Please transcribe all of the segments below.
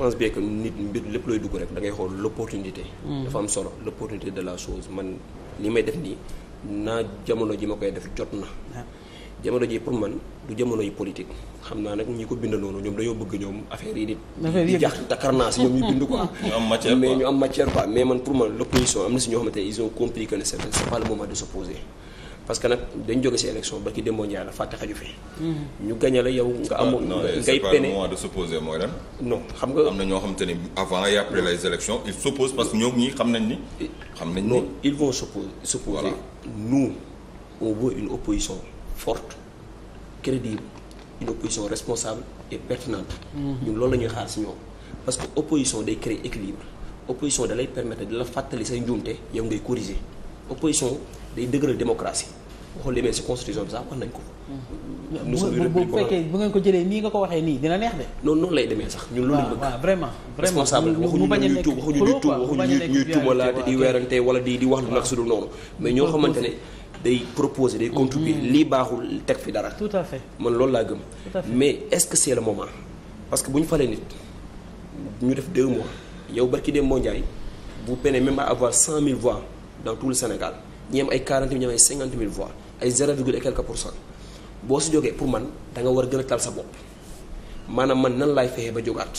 pense bien que nit mbir lépp looy dugg rek da ngay xool l'opportunité hmm. dafa am solo l'opportunité de la chose man li may def nii naa jamono ji ma koy def jot na jamono ji pour man du jamono yi politique xam naa nag ñi ko bind noonu ñoom dañoo bëgg ñoom affaire yi di di jax takarnaas ñoom ñu bind quoi mais ñu am matière quoi mais man pour man l'opposition am na si ñoo xamante ils ont compris que ne c'est pas le moment de s'opposer parce que nag dañ jóge ci élection ba ki demoo Ndiaye la fàtte xaju fi. Hmm. ñu gañe la yow nga amoo. Ah, ngay pene non non de s'opposer mooy lan. non xam nga am na ñoo xamante ni avant et après les élections ils s'opposent parce que ñoom ñii xam nañ ni. il nañ ni non ils vont s'opposer. s'opposer nous on veut une opposition forte crédible une opposition responsable et pertinente. Hmm. ñun loolu la ñuy xaar ci ñoom parce que opposition day créer équilibre opposition da lay permettre di la fàttali say njuumte yow ngay corriger opposition day dëgëral démocratie. boo demee si constitution bi sax wax nañ ko fa. Hmm. nous bu fekkee bu ko jëlee nii nga ko waxee nii dina neex de. noonu noonu lay demee sax ñun loolu lañ bëgg. waaw vraiment vraiment responsable waxuñu ñuy tuub waxuñu ñuy tuumalaate di weerante wala di di wax lu nag su dul noonu. mais ñoo xamante ne day proposer day contribuer hmm. lii baaxul teg fi dara. tout à fait man loolu laa gëm. mais est-ce que moment parce que bu ñu falee nit ñu def deux mois yow barki dem moo bu vous peinez même à avoir cent mille voix dans tout le Sénégal. ñi ay 40 mille ñi am ay 50 mille voix ay 0 virgule et quelque pour cent boo si jógee pour man danga war a gën a tal sa bopp maanaam man nan laay fexee ba jógaat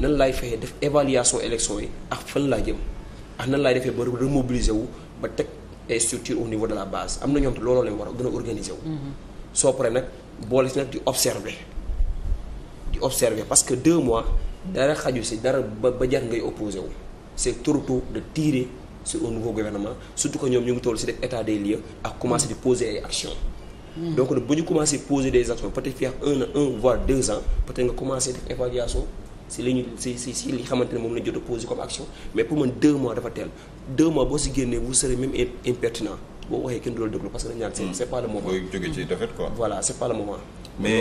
nan laay fexee def évaluation élection yi ak fan laa jëm ak nan laay defee ba remobiliser wu ba teg ay structure au niveau de la base am na ñoom te looloo leen war a gën a organiser wu. Mm-hmm. soo paree nag boole si nag di observer di observer parce que deux mois dara xaju si dara ba ba jar ngay opposé wu c'est surtout de tirer. ci au nouveau gouvernement surtout que ñoom ñu ngi toll ci def état des lieux ak commencer di poser ay actions. Hmm. donc bu ñu commencer poser des actions peut-être fii ak un un voire deux ans peut-être nga commencer def évaluation ci li ñu ci ci li xamante moom la jot a poser comme action mais pour man deux mois dafa teel deux mois boo ci génnee vous serez même impertinent boo waxee kenn du la déglu parce que dañu naan c'est pas le moment. booy jóge